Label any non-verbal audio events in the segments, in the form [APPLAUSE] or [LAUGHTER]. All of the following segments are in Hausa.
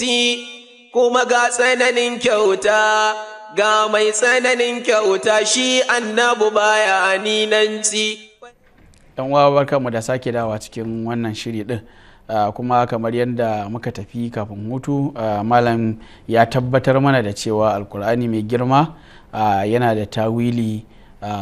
aminci kuma ga tsananin kyauta ga mai tsananin kyauta shi annabu baya aninanci yan wawar mu da sake dawa cikin wannan shiri din kuma kamar yadda muka tafi kafin hutu malam ya tabbatar mana da cewa alkur'ani mai girma yana da tawili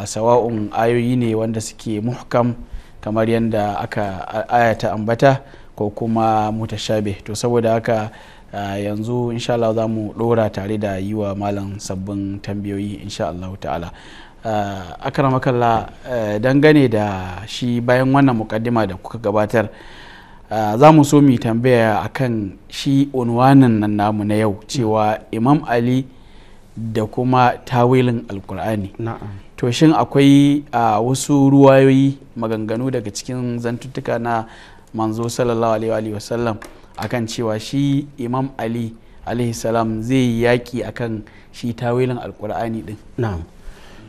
sawa'un ayoyi ne wanda suke muhkam kamar yadda aka ayata ambata ko kuma mutashabe to saboda haka yanzu insha Allah za mu ɗora tare da yi wa malam sabbin tambayoyi insha Allah ta'ala akramakalla dangane da shi bayan wannan mukaddima da kuka gabatar za mu so mu tambaya akan shi unwanin nan namu na yau cewa imam ali da kuma tawilin alkur'ani to shin akwai wasu ruwayoyi maganganu daga cikin zantuttuka na manzo sallallahu alaihi wasallam akan cewa shi imam ali alaihi salam zai yi yaƙi akan shi tawilin alkur'ani din na'am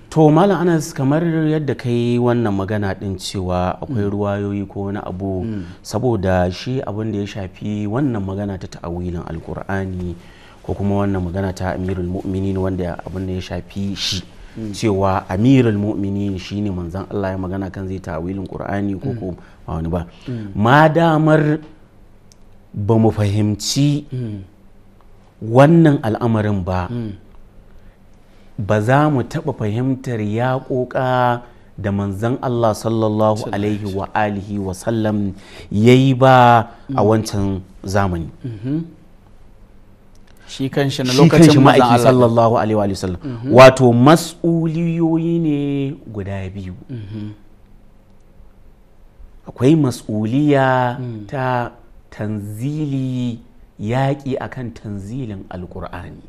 to malam anas kamar yadda ka yi wannan magana din cewa akwai mm. ruwayoyi ko wani abu mm. saboda shi abin da ya shafi wannan magana ta ta'awilin alkur'ani ko kuma wannan magana ta amirul mu'minin wanda abin da ya shafi shi mm. cewa amirul mu'minin ne manzon Allah ya magana kan zai ta'awilin qur'ani ko ko wani ba ma damar ba mu fahimci wannan al'amarin ba mm. ba za mu taɓa fahimtar ya ƙoƙa da manzan Allah sallallahu alaihi wa alihi wa sallam ya yi ba a mm. wancan zamani mm-hmm. shi kan shi na lokacin ma'aiki sallallahu alaihi wa sallam mm-hmm. wato mas'uliyoyi ne guda biyu mm-hmm. akwai mas'uliya mm. ta tanzili yaƙi akan tanzilin alƙur'ani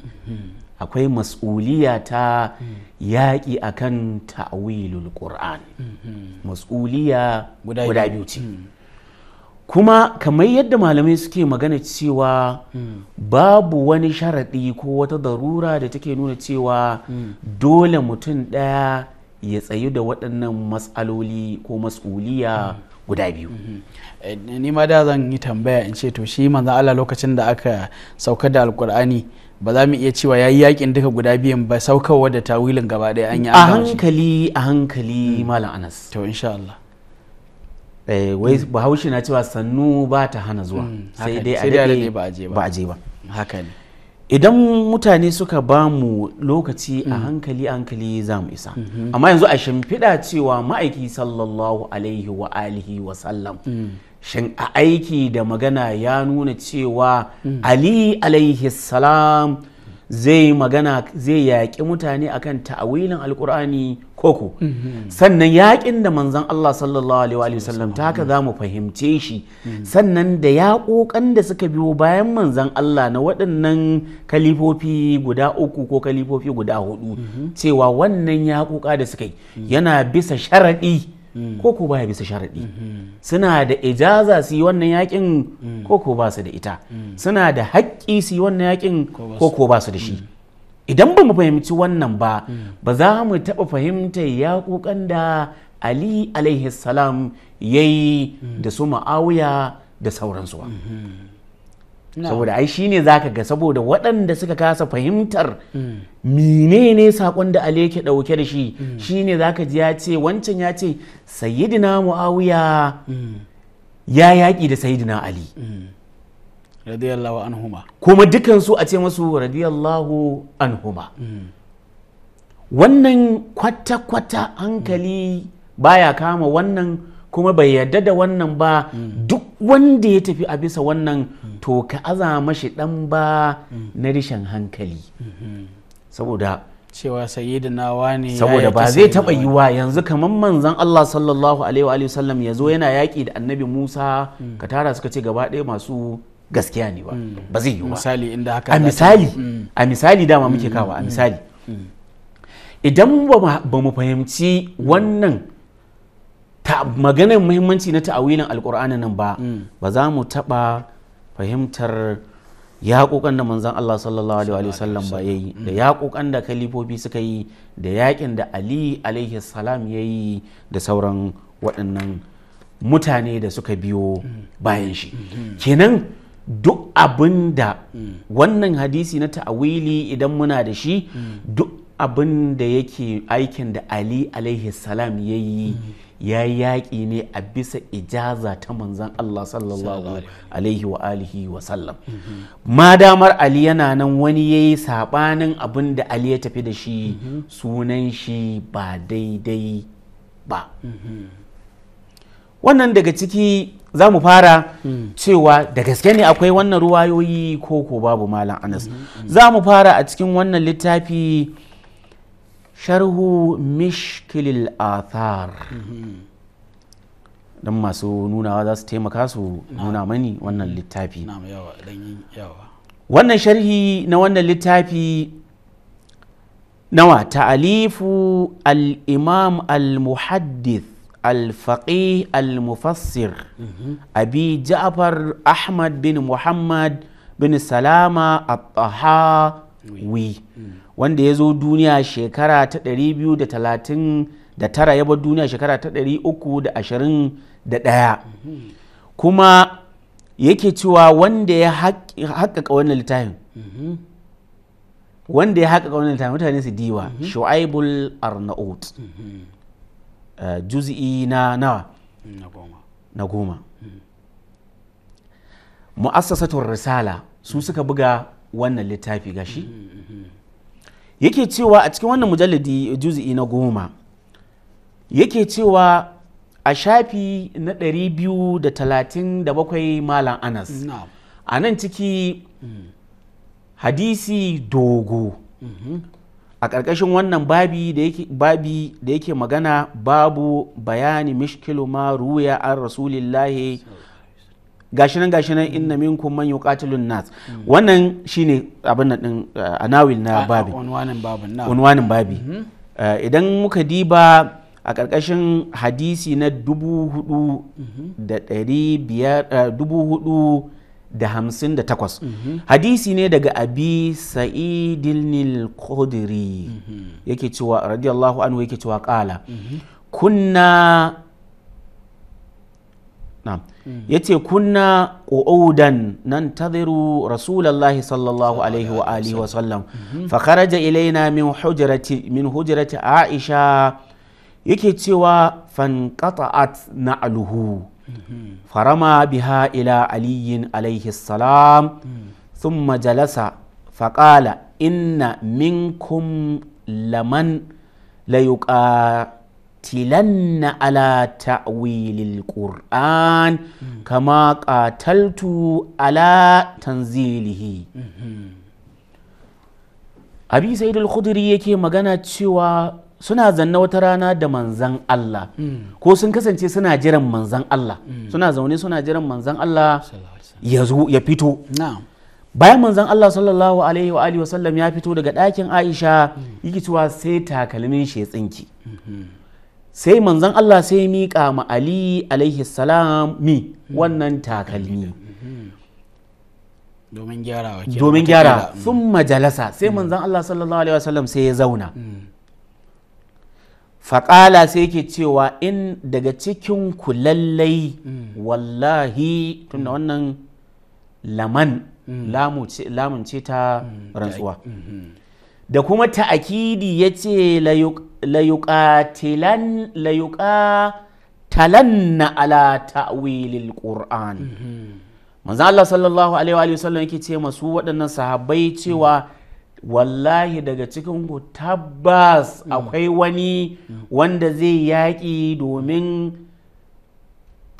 akwai mas'uliya ta yaƙi akan ta'wilul ƙur'an mas'uliya guda biyu ce hmm. kuma kamar yadda malamai suke magana cewa hmm. babu wani sharaɗi ko wata darura da take nuna cewa hmm. dole mutum ɗaya ya tsayu da waɗannan matsaloli ko mas'uliya guda biyu mm-hmm. eh, ni ma da zan yi tambaya in ce to shi manzan Allah lokacin da aka sauka da alkur'ani ba za mu iya cewa ya yi yakin duka guda biyan ba saukawa da tawilin gaba ɗaya an yi a hankali a hankali mm-hmm. malam anas to insha Allah eh, wai mm-hmm. bahaushe na cewa sannu ba ta hana zuwa sai dai a ba a je ba haka ne idan mutane suka ba mu lokaci a mm. hankali hankali za mu isa mm-hmm. amma yanzu a shimfiɗa cewa ma'aiki sallallahu alaihi wa alihi wa sallam mm. shin a aiki da magana ya nuna cewa mm. ali alaihi salam zai magana zai yaƙi mutane akan ta'awilin alkur'ani koko mhm. sannan yaƙin da manzon Allah sallallahu alaihi wasallam ta haka zamu fahimce shi mhm. sannan da yaƙoƙan da suka biyo bayan manzon Allah na waɗannan kalifofi guda uku ko kalifofi guda hudu mhm. cewa wannan yaƙoƙa da suka yi yana bisa sharaɗi ko ko baya bisa sharaɗi suna da ijaza su yi wannan yakin ko ko ba su da ita suna da haƙƙi su yi wannan yakin ko ko ba su da shi idan ba mu fahimci wannan ba hmm. ba za mu taɓa fahimtar yaƙoƙan da ali alaihi salam ya yi hmm. da su ma'awuya da sauransu ba hmm. saboda ai shine zaka ga saboda waɗanda suka kasa fahimtar menene saƙon da ali yake ɗauke da shi shine zaka ji ya ce wancan ya ce sayyidina muawiya ya yaƙi da sayyidina ali radiyallahu anhuma kuma dukansu a ce masu radiyallahu anhuma mm. wannan kwata-kwata hankali baya kama wannan kuma bai yarda da wannan ba mm. duk wanda ya tafi a bisa wannan mm. to ka aza mashi dan ba na rishin hankali mm-hmm. saboda cewa sayyidina ne saboda ba zai taba yiwa yanzu kamar manzon Allah sallallahu alaihi wa sallam ya yana yaki da annabi Musa ka tara suka ce gaba ɗaya masu gaskiya ne ba mm. ba zai yi ba misali mm. a misali dama muke mm. kawa a misali idan ba mu fahimci wannan maganar muhimmanci na ta'awilin alkur'ani nan ba ba za mu taɓa fahimtar yaƙoƙan da manzan Allah sallallahu alaihi wasallam ba yayi da yaƙoƙan da kalifofi suka yi da yakin da Ali alaihi salam yayi da sauran waɗannan mutane da suka biyo bayan shi mm-hmm. kenan duk abin da mm. wannan hadisi na ta'awili idan muna da shi mm. duk abin da yake aikin da ali alaihi salam ya yi mm. ya yaƙi ne a bisa ijaza ta manzan Allah sallallahu alaihi wa alihi wa sallam mm-hmm. madamar ali yana nan wani ya yi saɓanin abin da ali ya tafi da shi mm-hmm. sunan shi ba daidai ba mm-hmm. wannan daga ciki za mu fara hmm. cewa da gaske ne akwai wannan ruwayoyi ko ko babu malam anas hmm, hmm. za mu fara a cikin wannan littafi sharhu mishkilil athar don masu nunawa za su taimaka su nuna mani wannan littafi wannan sharhi na wannan littafi nawa ta'alifu al-imam al-muhaddith الفقيه المفسر أبي جعفر أحمد bin محمد بن سلامة الطهاوي wanda ya zo duniya shekara ta 239 ya bar duniya shekara ta 321 kuma yake cewa wanda ya haƙaƙa wannan littafin wanda ya haƙaƙa wannan littafin mutane su diwa shu'aibul arnaut Eh, juz'i na nawa na goma hmm. mu'assasatun risala su hmm. suka buga wannan littafi gashi hmm, yake cewa a cikin wannan mujalladi juz'i na goma yake cewa a shafi na 237 malam anas a nan ciki hadisi dogo a ƙarƙashin wannan babi da yake magana babu bayani mishkilu ma ruya an rasulillahi gashinan gashinan inna minkum man yuqatilun nas hmm. wannan shine abin nan din uh, anawil na ah, babi unwanin babi hmm. uh, idan muka diba a ƙarƙashin hadisi na dubu hudu hmm. da ɗari biyar uh, dubu hudu da hamsin da takwas mhm. hadisi ne daga abi sa'idin qudri mhm. yake cewa radiyallahu anhu yake cewa kala mhm. kunna na yace kunna ƙo'udan nan tadhiru rasulallahi sallallahu alaihi wa alihi wa sallam fa ja ilaina min hujrati aisha yake cewa na aluhu farama biha ila aliyin alaihi salam sun majalasa faƙala inna minkum laman layuƙatilanna ala ta'wilil ƙur'an kama ƙataltu ala tanzilihi abi saidul al yake magana cewa suna zanna wata rana da manzan Allah mm. ko sun kasance suna jiran manzan Allah mm. suna zaune suna jiran manzan Allah ya zo ya fito bayan manzan Allah sallallahu alaihi wa alihi wasallam ya fito daga ɗakin Aisha mm. yake cewa sai takalmin shi tsinki mm-hmm. sai manzan Allah sai miƙa ma Ali alaihi salam mi wannan takalmi mm-hmm. domin gyarawa domin gyara sun majalasa sai manzan Allah sallallahu alaihi wasallam sai ya zauna faƙala sai yake cewa in daga cikin ku lallai mm. wallahi da mm. wannan laman mm. lamun ce ta rantsuwa mm-hmm. da kuma ta'akidi ya ce talanna ala ta'wilil qur'an mm-hmm. manzo Allah sallallahu alaihi wa sallam yake ce masu waɗannan sahabbai cewa wallahi daga cikin ku tabbas mm. akwai wani mm. wanda zai yaƙi domin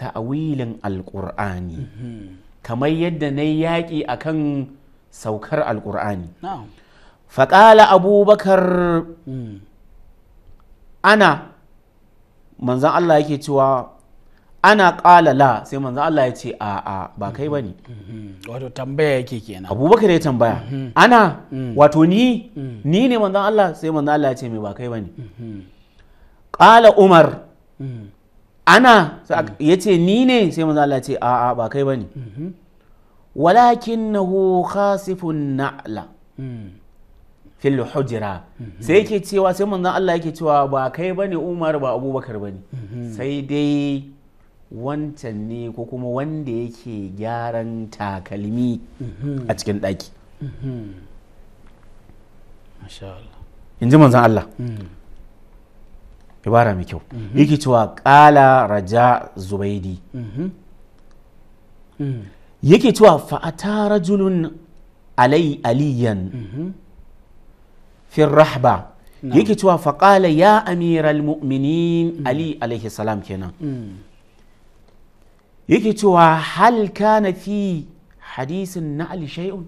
ta'awilin alƙur'ani mm-hmm. kamar yadda na yaƙi a kan saukar alƙur'ani faƙala abubakar mm. ana manzan Allah yake cewa ana ƙala la sai manzo Allah ya ce a a ba kai ba ne mm-hmm. Mm-hmm. wato tambaya yake kenan abubakar ya tambaya mm-hmm. ana wato ni ni ne manzo Allah sai manzo Allah ya ce mai ba kai ba ne ƙala umar ana ya ce ni ne sai manzo Allah ya ce a a ba kai ba ne walakinahu khasifun na'la fil hujra sai yake cewa sai manzo Allah yake cewa ba kai bane Umar ba Abubakar bane sai dai wancan ne ko kuma wanda yake gyaran takalmi mhm. a cikin ɗaki mhm. in ji manzan Allah mhm. ibara mai kyau yake cewa ƙala raja zubaidi yake cewa fa'ata rajulun alai aliyan fi rahba yake cewa faƙala ya amiral mu'minin ali alaihi salam kenan mm. yake cewa hal kana fi hadisin na ali shay'un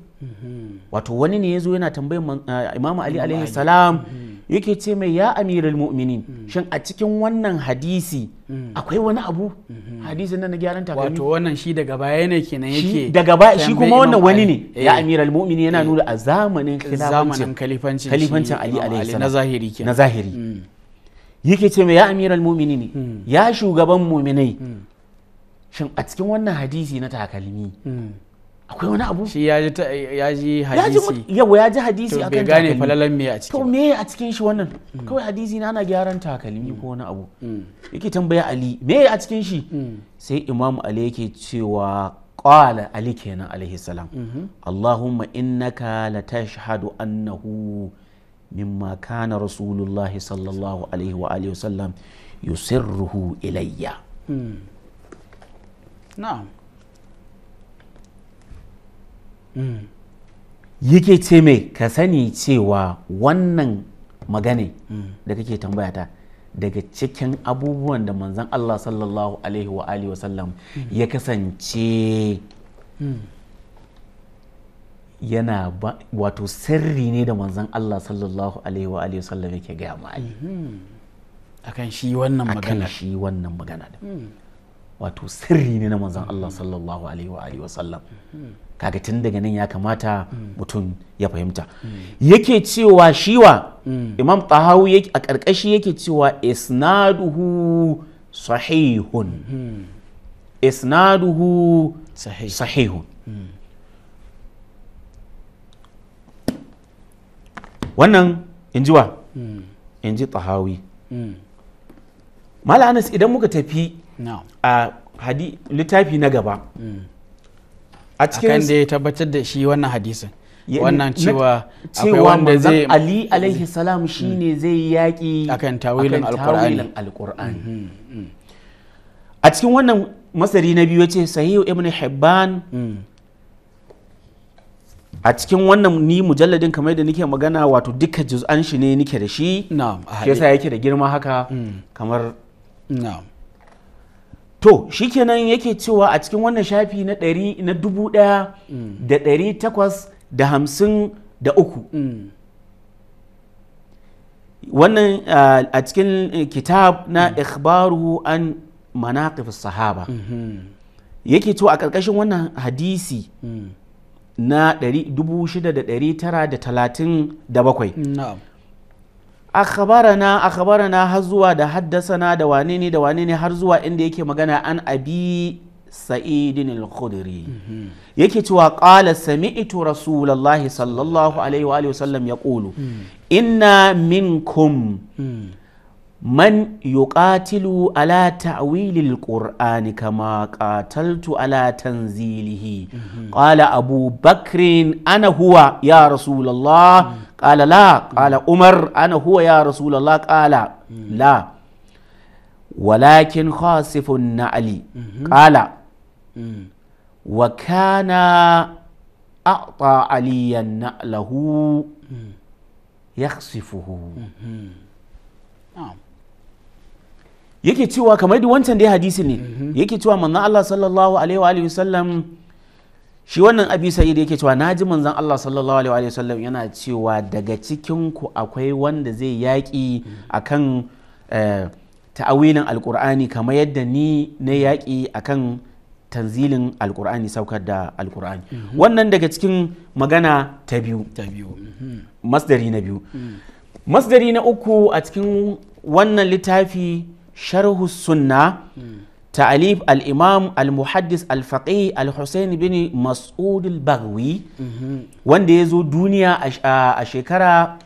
wato wani ne ya zo yana tambayin eh, imamu ali alaihi salam hmm. yake ce mai ya amirul mu'minin hmm. shin a cikin wannan hadisi hmm. akwai wani abu hadisin nan na gyaran takalmi wato wannan shi daga baya ne kenan yake daga baya shi kuma wannan wani ne ya eh. amirul mu'minin yana eh. nuna a zamanin zamanin kalifancin kalifancin ali alaihi salam na zahiri kenan na zahiri yake ce mai ya amirul mu'minin ya shugaban mu'minai shin a cikin wannan hadisi na takalmi hmm. akwai wani abu shi ya ji hadisi yawa ya ji hadisi akan takalmi to bai gane falalan me a cikin to me a cikin shi wannan hmm. kawai hadisi na ana gyaran takalmi ko wani abu hmm. yake tambaya ali me a cikin shi sai imamu ali yake cewa qala ali kenan alaihi salam allahumma innaka latashhadu annahu mimma kana rasulullahi sallallahu alaihi wa alihi wasallam yusirruhu ilayya na'am hmm. yake ce mai ka sani cewa wannan magane hmm. da kake tambaya ta daga cikin abubuwan da manzan Allah sallallahu alaihi wa alihi wasallam hmm. ya kasance yana ba wato sirri ne da manzan Allah sallallahu alaihi wa alihi wasallam yake gaya ma akan shi wannan magana a kan shi wannan magana wato sirri ne na manzan Allah sallallahu alaihi wa sallam kaga tun daga nan ya kamata mutum ya fahimta yake cewa shiwa imam tahawu a karkashi yake cewa isnaduhu sahihun isnaduhu sahihun wannan in ji wa hmm. in ji tahawi hmm. mala anas idan muka tafi a hadi littafi na gaba hmm. a cikin da ya tabbatar da shi wannan hadisin wannan cewa akwai wanda zai ali alaihi salam shine hmm. zai yaki akan tawilin alqur'ani hmm, a cikin wannan masari na biyu ce sahihu ibn hibban a cikin wannan ni mujalladin kamar da nike magana wato duka juz'an shi ne nike da shi na'am yasa yake da girma haka kamar na'am to shikenan yake cewa a cikin wannan shafi na ɗari na dubu ɗaya mm. da ɗari takwas da hamsin da uku mm. wannan a cikin eh, kitab na mm. ikhbaru an manaƙif sahaba mm-hmm. yake to a ƙarƙashin wannan hadisi na dubu shida da da da tara talatin bakwai. akhbarana akhbarana har zuwa da na da wane ne da wane ne har zuwa inda yake magana an abi sa'idin al-khudri yake cewa qala sami'tu rasulullahi sallallahu alaihi wa alihi wasallam yaqulu inna minkum man yuqatilu ala ta'wilil qur'ani kama ƙataltu ala tanzilihi mhm. qala abu ana huwa ya rasulullah mhm. qala la mhm. qala umar ana huwa ya rasulullah qala la walakin khasifun na'li qala wa kana a'ta aliyan na'lahu yakhsifuhu yake cewa kamar da wancan dai hadisi ne mhm. yake cewa manzon Allah sallallahu alaihi wa sallam wasallam shi wannan abi sa'id yake cewa naji manzon Allah sallallahu alaihi wa sallam wasallam yana cewa daga cikin ku akwai wanda zai yaki mhm. akan eh, ta'awilin alqur'ani kamar yadda ni na yaki akan tanzilin Alƙur'ani saukar da Alƙur'ani. Mhm. wannan daga cikin magana ta biyu masdari na biyu mm. masdari na uku a cikin wannan littafi sharhu sunna ta'alif al-imam al-muhaddis al-faqih al-husain bin mas'ud al-baghawi wanda ya zo duniya a shekara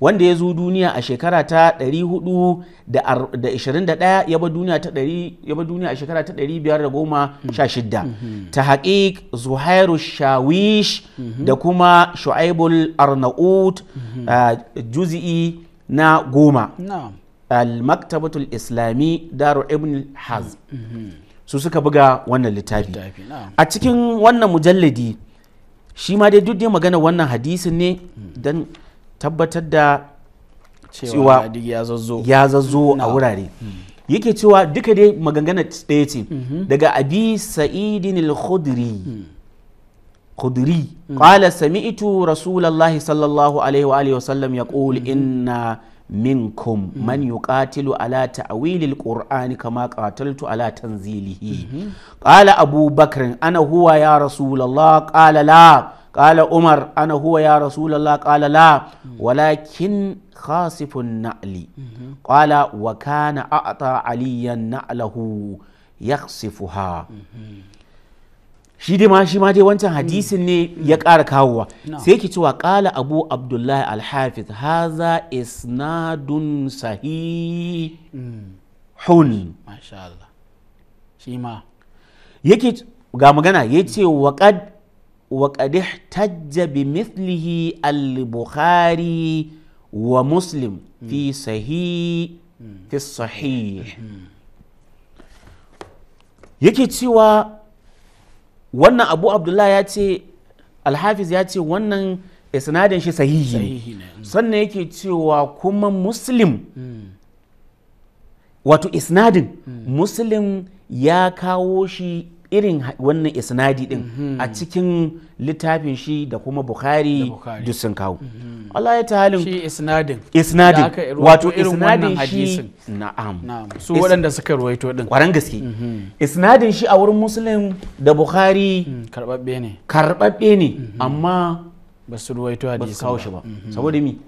wanda ya zo duniya a shekara ta 421 ya ba duniya ta ya ba duniya a shekara ta 516 ta haƙiƙ zuhairu shawish da kuma shu'aibul arnaut juzi'i na goma al-maktabatul islami daru ibn hazm su suka buga wannan littafi a cikin wannan mujalladi shi ma dai duk dai magana wannan hadisi ne don tabbatar da cewa ya zazzo a wurare hmm. yake cewa duka dai maganganar ɗaya ce hmm. daga abi sa'idin al-khudri hmm. khudri qala sami'tu rasulullahi sallallahu alaihi wa sallam ya sallam ina. min minkum hmm. man yuqatilu ala ta'wilil qur'ani kama qataltu ala tanzilihi hmm. qala abu bakr ana huwa ya rasulullah qala la qala umar ana huwa ya rasulullah qala la hmm. walakin khasifun na'li qala wa kana a'ta aliyan na'lahu yakhsifuha shi dai ma shi ma dai wancan hmm. hadisin ne hmm. ya ƙara kawowa sai yake cewa ƙala abu abdullahi alhafiz haza isnadun sahihun hmm. masha Allah shi ma yake ga magana ya ce waƙad waƙad tajja bi mithlihi al-bukhari wa muslim fi sahi fi sahih yake cewa wannan abu abdullah ya ce alhafiz ya ce wannan isnadin shi sahihi ne mm. sannan yake cewa kuma muslim wato isnadin mm. muslim ya kawo shi irin wannan isnadi din mhm. a cikin littafin shi da kuma bukhari duk sun kawo mhm. Allah ya tahalin shi isnadin isnadin wato isnadin shi na'am su waɗanda suka ruwaito din kwaran gaske mhm. isnadin shi a wurin muslim da bukhari hmm, karbabbe ne karbabbe ne amma ba su ruwaito hadisi ba kawo shi ba saboda mi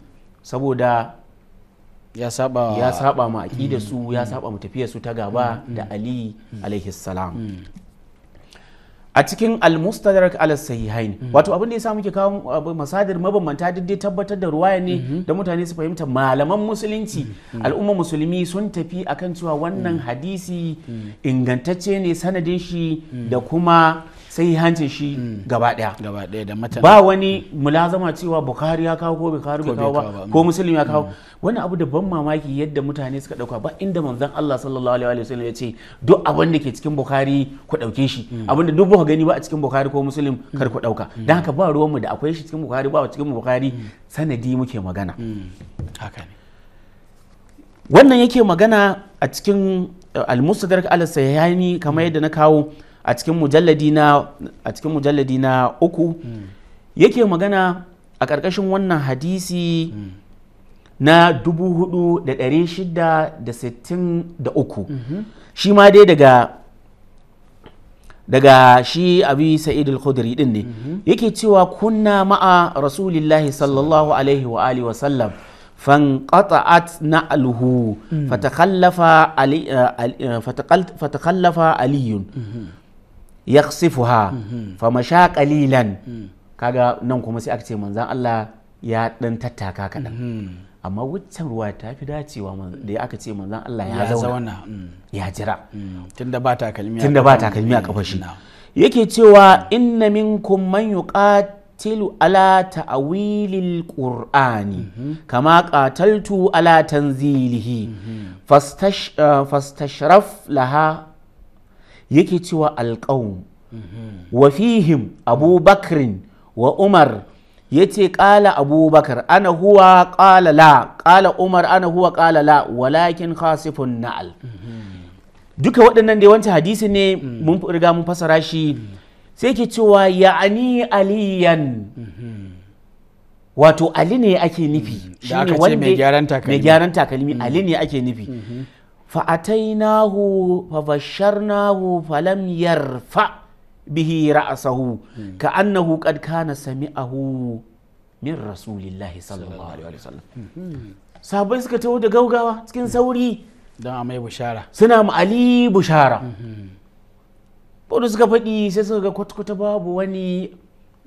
saboda ya saba ya saba ma aqida su ya saba mu tafiyar su ta gaba da ali alaihi salam a cikin almustadrak al sahihain mm-hmm. wato abin da ya yasa muke kawo masadir mabambanta duk dai tabbatar da ruwaya ne mm-hmm. da mutane su fahimta malaman musulunci mm-hmm. al'umma musulmi sun tafi akan cewa wannan hadisi ingantacce ne sanadin shi da kuma sai hancin shi hmm. gaba daya da matan ba wani mulazama cewa bukari ya kawo ko bukari bai kawo ba ko musulmi ya kawo hmm. wani abu da ban mamaki yadda mutane suka dauka ba inda manzon Allah sallallahu alaihi wasallam ya ce duk abin da ke cikin bukari ku dauke shi hmm. abin da duk ba gani ba a cikin bukari ko musulmi kar ku dauka dan haka ba ruwan mu da akwai shi cikin bukari ba a cikin bukari sanadi muke magana haka ne wannan yake magana a cikin eh, al-mustadrak al-sayyani kamar yadda na kawo a cikin mujalladi na uku yake magana a ƙarƙashin wannan hadisi na 4663 shi ma dai daga daga shi abi sa'id al-khudri din ne yake cewa kunna ma'a rasulillahi sallallahu alaihi wa alihi wa sallam qata'at na'luhu mm. fatakhallafa ali eh, eh, fatakhallafa ya yaqsifuha mhm. fa masha kalilan mhm. kaga nan kuma sai aka ce manzan Allah ya dan tattaka kaɗan mhm. amma waccan ruwa ta fi dacewa da ya aka ce manzan Allah ya zauna mm. ya jira mm. tunda ba takalmi kalmi a kafar shi yake cewa mm. inna minkum man yuqatilu ala ta'wilil qur'ani kama qataltu ala tanzilihi fastashraf laha yake cewa alƙawun wa fihim abubakrin wa umar ya ce ƙala abubakar ana huwa ƙala la ƙala umar ana huwa ƙala la walakin khasifun na'al duka waɗannan da yawanci hadisi ne mun riga mun fasara shi sai ke cewa ya'ani aliyan wato ali ne ake nufi shi ne ce mai gyaran takalmi ali ne ake nufi fa'atainahu fabasharnahu falam yarfa bihi ra'asahu ka annahu qad kana sami'ahu min rasulillahi sallallahu alaihi wasallam sabai suka taho da gaugawa cikin sauri don a mai bushara suna ma ali bushara wanda suka faɗi sai suka ga kwata-kwata babu wani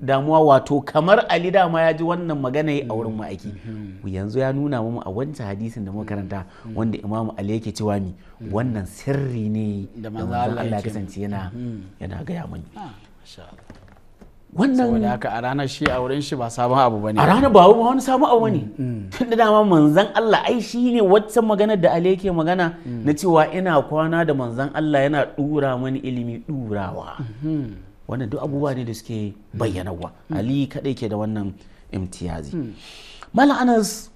damuwa wato kamar ali dama ya ji wannan magana a wurin ma'aiki mm-hmm. yanzu ya nuna mu a wancan hadisin da muka karanta mm-hmm. wanda imamu ali yake cewa ni. Mm-hmm. wannan sirri ne da manzo Allah kasance yana yana gaya mani ah, wannan saboda haka a ranar shi a wurin shi ba sabon abu bane a ranar ba wani sabon abu bane tun da dama manzan Allah ai shi ne wacce magana da Ali yake magana na cewa ina kwana da manzan Allah yana dura mani ilimi durawa wannan duk abubuwa ne da suke hmm. bayyanawa hmm. ali kaɗai ke da wannan imtiyazi hmm. mala anas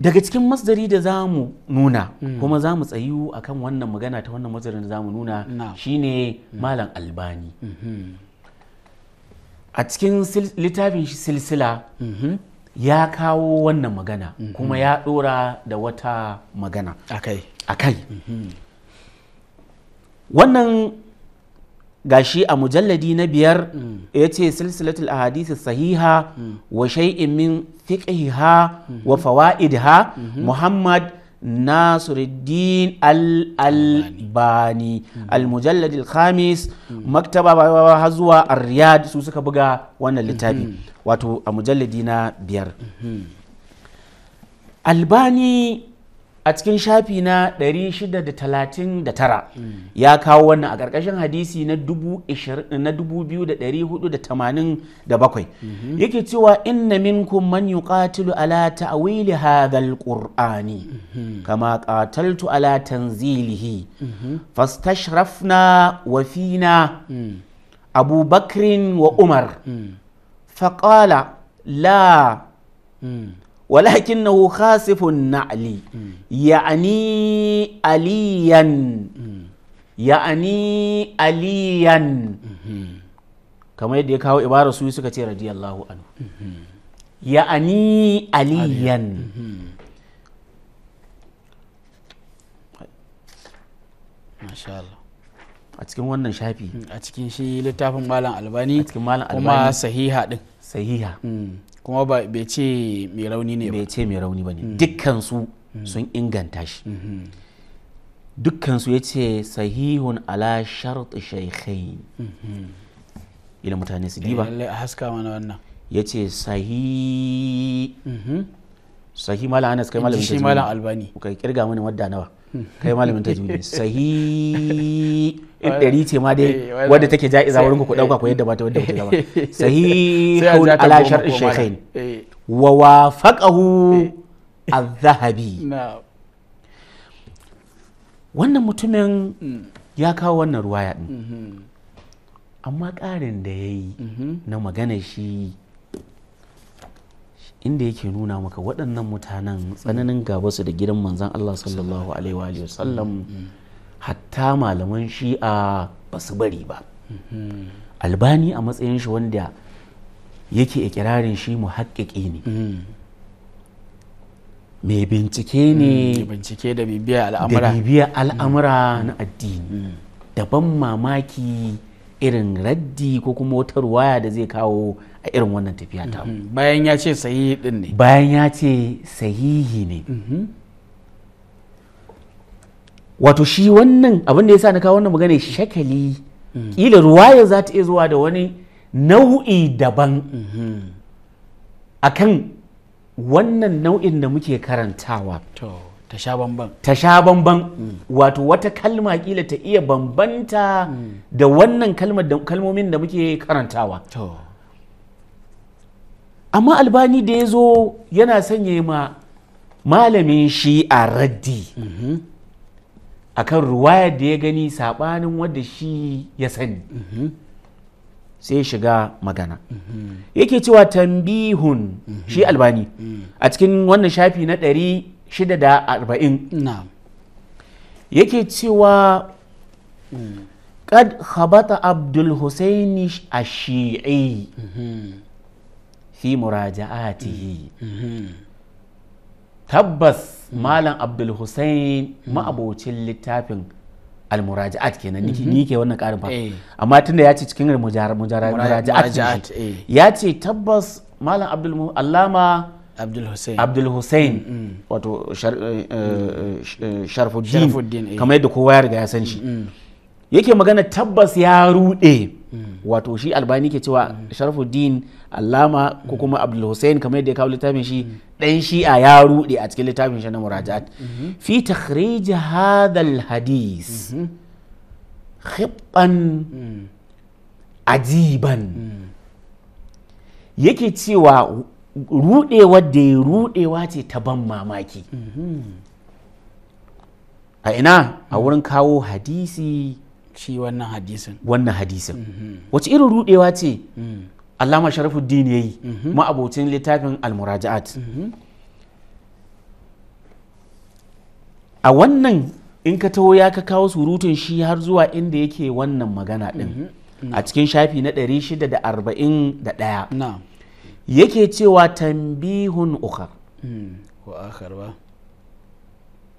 daga cikin masdari da za mu nuna kuma za mu tsayu kan wannan magana ta wannan masdarin da za mu nuna shine malam albani a cikin littafin shi silsila ya kawo wannan magana kuma ya dora da wata magana A kai. wannan gashi a mujalladi na biyar mm. ya ce silsilatul ahadisi sahiha mm. wa shay'in min fiqhiha mm-hmm. wa fawaidha mm-hmm. muhammad nasiruddin al-albani mm-hmm. al-mujallad al-khamis mm. maktaba har zuwa riyad su suka buga wannan littafi wato a mujalladi na biyar albani a cikin shafi na 639 ya kawo wannan a ƙarƙashin hadisi na 2487 mhm. yake cewa inna minkum man yuqatilu ala ta'wili hadhal qur'ani mhm. kama qataltu ala tanzilihi mhm. fastashrafna wa fina mm. abubakrin wa umar mm. faqala la mm. ولكنه خاسف النعل يعني أليا يعني أليا كما يدي كاو إبارة سويس كتير رضي الله عنه يعني أليا ما شاء a cikin wannan shafi a cikin shi littafin malam albani a cikin malam albani kuma sahiha din sahiha hmm. kuma bai ce mai rauni ne bai ce mai rauni ba ne mm. dukkan su mm. sun inganta shi mm-hmm. dukkan su ya ce sahihun ala shart shaikhai mm-hmm. ila mutane su diba haska mana wannan ya ce sahi mm-hmm. sahi malam anas kai malam shi malam albani kuka kirga mini wadda nawa kai malamin ta ne sahi [LAUGHS] in ɗari ce ma dai eh, wadda take ja'iza wurin ku ɗauka ku eh. yadda ba ta wadda kuke gaba [LAUGHS] sahi kawun ala shar'in shaykhain eh. wa wafaqahu az-zahabi wannan mutumin mm. ya kawo wannan ruwaya din mm-hmm. amma ƙarin da yayi mm-hmm. na magana shi inda yake nuna maka waɗannan mutanen tsananin gaba su da gidan manzan Allah sallallahu alaihi wa hatta malaman shi'a ba su bari ba albani a matsayin shi wanda yake ikirarin shi mu ne mai bincike ne mm, bincike da bibiya al'amura na addini mm, mm. daban mamaki irin raddi ko kuma wata ruwaya da zai kawo a irin wannan tafiya ta mhm. bayan ya ce sahihi din ne bayan ya ce sahihi ne mhm. wato shi wannan abin da ya sa na kawo wannan magana shakali mhm. kila ruwaya za ta iya zuwa da wani nau'i daban akan wannan nau'in da muke karantawa ta sha bamban ta sha bamban wato wata kalma kila ta iya bambanta da wannan kalmomin da muke karantawa amma albani da ya zo yana sanya ma malamin shi a raddi mm-hmm. a kan ruwayar da ya gani sabanin wadda shi ya sani mm-hmm. sai shiga magana mm-hmm. yake cewa tambihun shi albani a cikin wannan shafi na ɗari shida da arba'in yake cewa kad habata abdul husaini a shi'i fi muraja'atihi tabbas malam abdul husain ma'abocin littafin almuraja'at kenan ni ke wannan karin ba eh. amma tunda ya ce cikin muraja'at eh. ya ce tabbas malam abdul allama abdul hussein wato sharfuddin kamar yadda kowa ya riga ya san shi mm, mm. yake magana tabbas ya rude mm. wato shi albani ke cewa sharfuddin allama ko kuma abdul hussein kamar yadda ya kawo littafin shi dan shi'a ya rude a cikin littafin shi na murajat mm-hmm. fi takhrij hadal hadis mm-hmm. khibban ajiban yake cewa rudewar da ya rudewa ce ta ban mamaki a ina a wurin kawo hadisi shi wannan hadisin wannan hadisin mhm. wace irin rudewa ce mm. allama sharafuddin ya yi mhm. ma'abocin littafin almuraja'at mhm. a wannan in ka taho ya ka kawo surutun shi har zuwa inda yake wannan magana din a cikin shafi na 641 yake cewa tambihun ukhar hmm.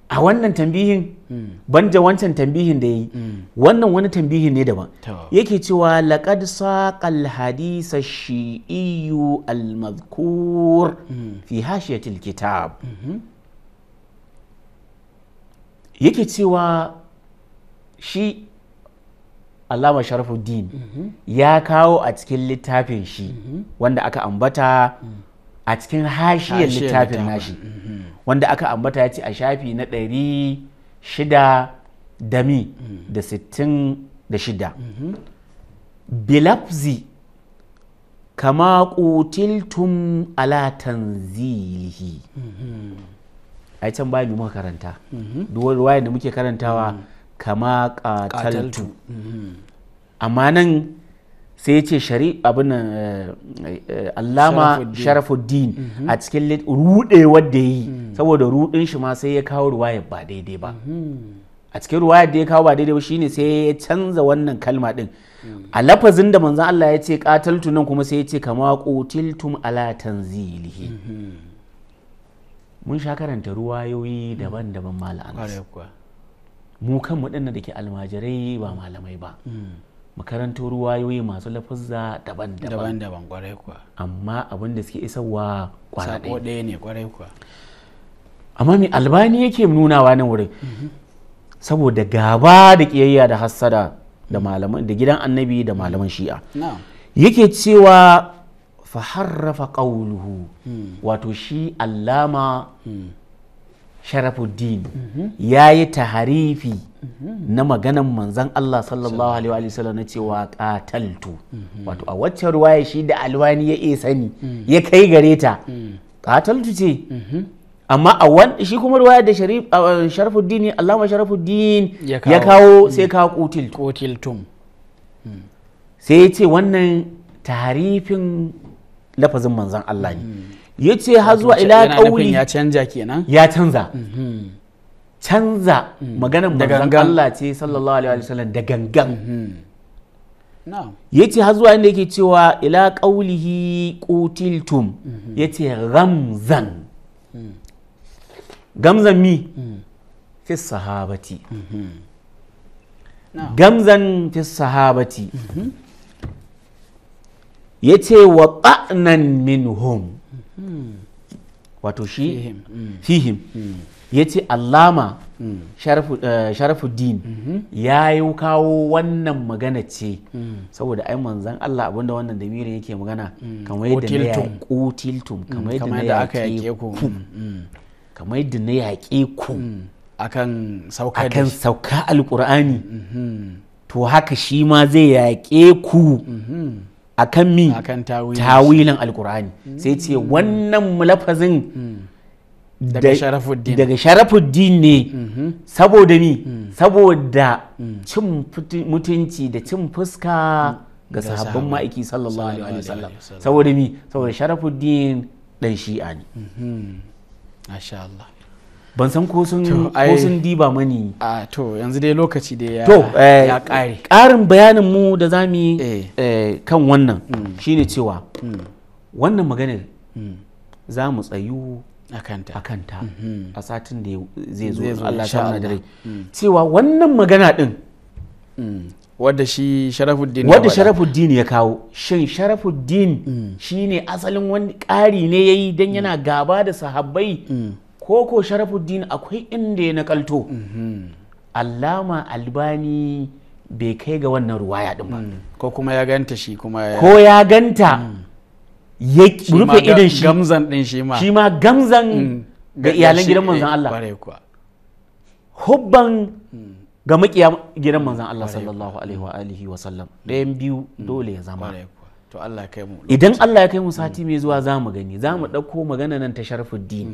a wannan tambihin hmm. ban da wancan tambihin da yi hmm. wannan wani tambihin ne daban yake cewa laqad saqal hadisa shi'iyyu al-madhkur fi hashiyatil kitab mhm. yake cewa shi Allama Sharafuddin mhm. ya kawo a cikin littafin shi mhm. wanda aka ambata mm. a cikin hashiyar littafin nashi mhm. wanda aka ambata ya ce a shafi na ɗari shida da mi mm. da sittin da shida bilafzi kama kutiltum ala tanzilihi ai can bayan muka karanta duk da muke karantawa mm. kama kataltu mm-hmm. amma nan sai ya ce shari abin eh, eh, allama sharafuddin mm-hmm. a cikin rude wadda yi mm. saboda rudin shi ma sai ya kawo ruwayar ba daidai ba mm-hmm. a cikin ruwayar da ya kawo ba daidai ba shine sai ya canza wannan kalma din mm. a lafazin da manzan Allah ya ce kataltu nan kuma sai ya ce kama kotiltum ala tanzilihi mun sha karanta ruwayoyi mm. daban-daban mala'ansu mu kan waɗanda da ke almajirai ba malamai ba hmm. makarantar ruwayoyi masu lafazza daban-daban daban kwarai kuwa amma abin da suke isarwa kwara ɗaya ne kwarai kuwa amma mai albani yake nunawa nan wurin mm-hmm. saboda gaba da kiyayya da hassada da malaman da gidan annabi da malaman shi'a yake cewa fa harrafa qawluhu hmm. wato shi allama hmm. sharafuddin mhm. ya yi taharifi mhm. na maganan manzan Allah sallallahu alaihi wa sallam na cewa kataltu mhm. wato a wacce ruwaya shi da alwani ya iya sani ya kai gare ta kataltu ce amma a wan shi kuma ruwaya da sharafuddin ne allama sharafuddin ya kawo sai ka kutil kutiltum sai ya ce wannan taharifin lafazin manzan Allah ne ya ce ha zuwa ila ƙauli ya canza kenan ya canza mm-hmm. canza mm. maganar manzon Allah ce sallallahu alaihi wasallam da gangan ya ce ha zuwa inda yake cewa ila ƙaulihi qutiltum mm-hmm. ya ce ramzan mm. gamzan mi mm. fi sahabati mm-hmm. gamzan fi sahabati ya ce wa ƙa'nan minhum wato shi fihim hmm. hmm. ya ce allama hmm. eh, sharafuddin mhm. ya yi kawo wannan magana ce saboda ai manzan Allah abinda wannan damirin yake magana kamar yadda na kutiltum kamar yadda aka yaƙe ku kamar yadda na yaƙe ku akan sauka alƙur'ani to haka shi ma zai yaƙe ku akan mi tawilin alkur'ani mm. sai ce wannan mulafazin mm. daga sharafuddin daga ne mm-hmm. saboda mi mm. saboda cin mutunci da cin fuska ga sahabban ma'aiki sallallahu alaihi wasallam saboda mi saboda sharafuddin dan shi'a ne mm-hmm. Allah ban san ko sun ko sun diba mani a to yanzu dai lokaci da ya kare eh, karin bayanin mu da zamu yi eh. Eh, kan wannan mm. shine cewa mm. wannan maganar mm. za mu tsayu a kanta a mm-hmm. satin da zai zo Allah ta dare cewa wannan magana din wadda shi sharafuddin wadda sharafuddin ya kawo shin sharafuddin shine asalin wani ƙari ne yayi dan yana gaba da sahabbai Koko sharafuddin akwai inda ya nakalto allama albani bai kai ga wannan ruwaya din ba hmm. ko kuma ya ganta shi kuma ko ya ganta hmm. ya rufe idan shi gamzan din shi ma shi ma gamzan hmm. ga iyalan gidan manzon eh, Allah hubban ga makiya gidan manzon Allah sallallahu alaihi wa alihi wa sallam ɗayan biyu dole ya zama to Allah ya kai mu idan Allah ya kai mu sati mai zuwa za mu gani za mu ɗauko magana nan ta sharfuddin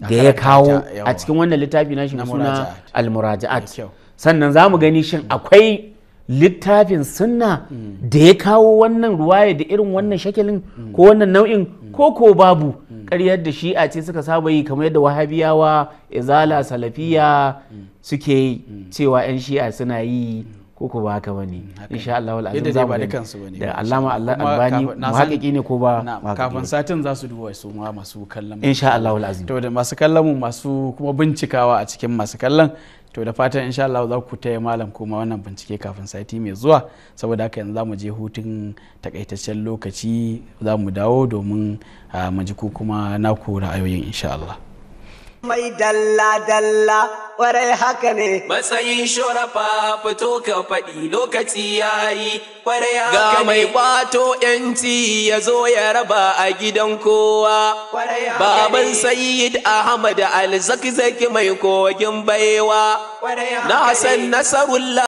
da ya kawo a cikin wannan littafi na shi suna almuraja'at sannan za mu gani shin akwai littafin sunna mm. da ya kawo wannan ruwaya da irin wannan shakilin mm. ko wannan nau'in mm. ko ko babu karyar da shi'a ce suka saba yi kamar yadda wahabiyawa izala salafiya suke cewa 'yan shi'a suna yi ko ko ba haka bane mm, insha Allah wal azim zamu da kansu bane da Allama Allah Albani muhakkiki ne ko ba kafin satin za su duba su ma masu kallon insha Allah wal azim to da masu kallon mu masu kuma bincikawa a cikin masu kallon to da fatan insha Allah za ku taya malam kuma wannan bincike kafin sati mai zuwa saboda haka yanzu zamu je hutun takaitaccen lokaci za mu dawo domin ah, mu ji ku kuma naku ra'ayoyin insha Allah mai dalla-dalla warai haka ne. Matsayin shorafa fito ka faɗi lokaci ya yi haka ne. Ga mai ƙwato ‘yanci ya zo ya raba a gidan kowa. haka ne. Baban Sayyid Ahmad Al-Zakzaki mai kogin baiwa. Ƙwarai haka ne. Na Hassan Nasarullah.